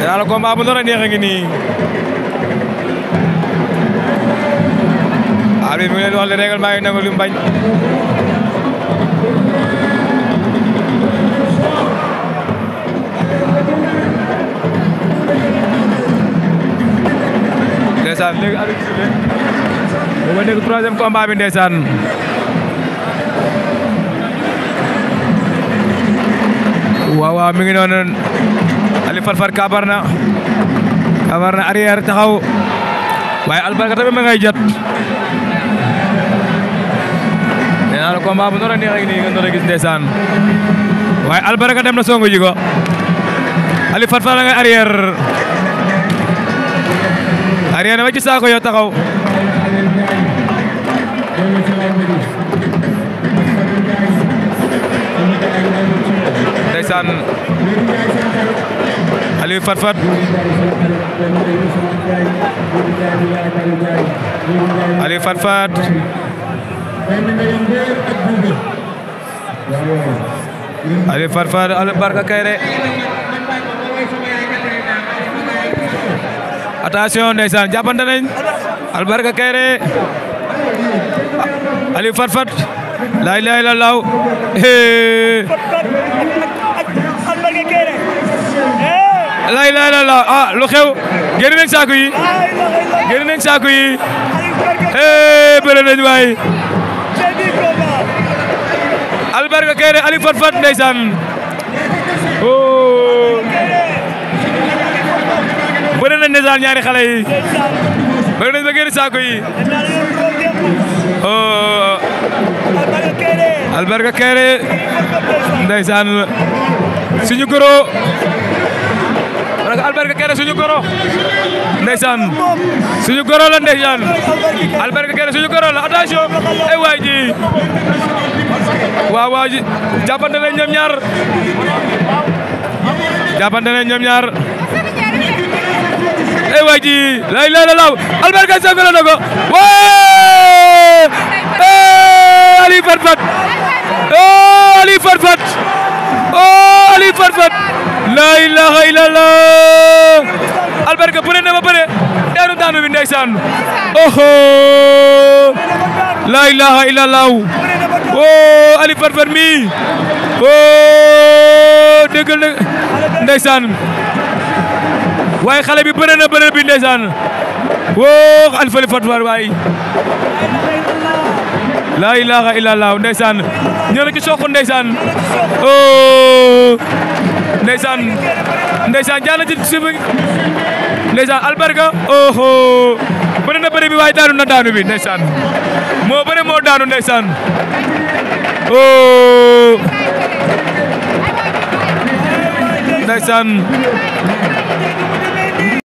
danaa la combat bu nar a neex a ngi nii arbitre bi mu leen wax le règlement yi nangu lu mu bañ ndeysaan léegi arbitre bi bu ma dégg troisième combat bi ndeysaan waaw waaw mi ngi noonu Wally Far Far taxaw waaye albarka tamit ma ngay jot nee naa la combat bu noor a neex ak nii nga doon gis ndeysaan waaye albarka dem na songu ji ko Wally Far Far la na ba ci saako yo taxaw ndeysaan koy fatfat Aliou fatfat Aliou fatfat Aliou Barka Kairé attention ndeysaan jàppante nañ Aliou Barka Kairé Aliou fatfat lay lay la law ilaha illallah ah lu xew génn nañ saako yi génn nañ saako yi eh bëre nañ waay albarka kayre ali fat fat ndeysaan oh bëre nañ ndeysaan ñaari xale yi bëre nañ ba génn saako yi oh albarka kayre ndeysaan suñu goro Albert Kéré suñu goro ndeysaan suñu la ndeysaan Albert Kéré suñu la attention ay eh, waay ji waaw waaw ji jàppante nañ ñoom ñaar jàppante nañ ñoom ñaar ay eh, waay ji lay eh, lay laa ilaaha illallah albarka bëre na ba bëre daanu daanu bi ndeysaan oho laa ilaaha illallah oo ali farfar mi oo dëggal na ndeysaan waaye xale bi bëre na bëre bi ndeysaan oo ali fali farfar waay laa ilaaha illallah ndeysaan ñëna ki soq ndeysaan oh ndeysaan ndeysaan jaana ci suuf ndeysaan albarka oh bëri na bëri bi waaye daanu na daanu bi ndeysaan moo bëri moo daanu ndeysaan oh ndeysaan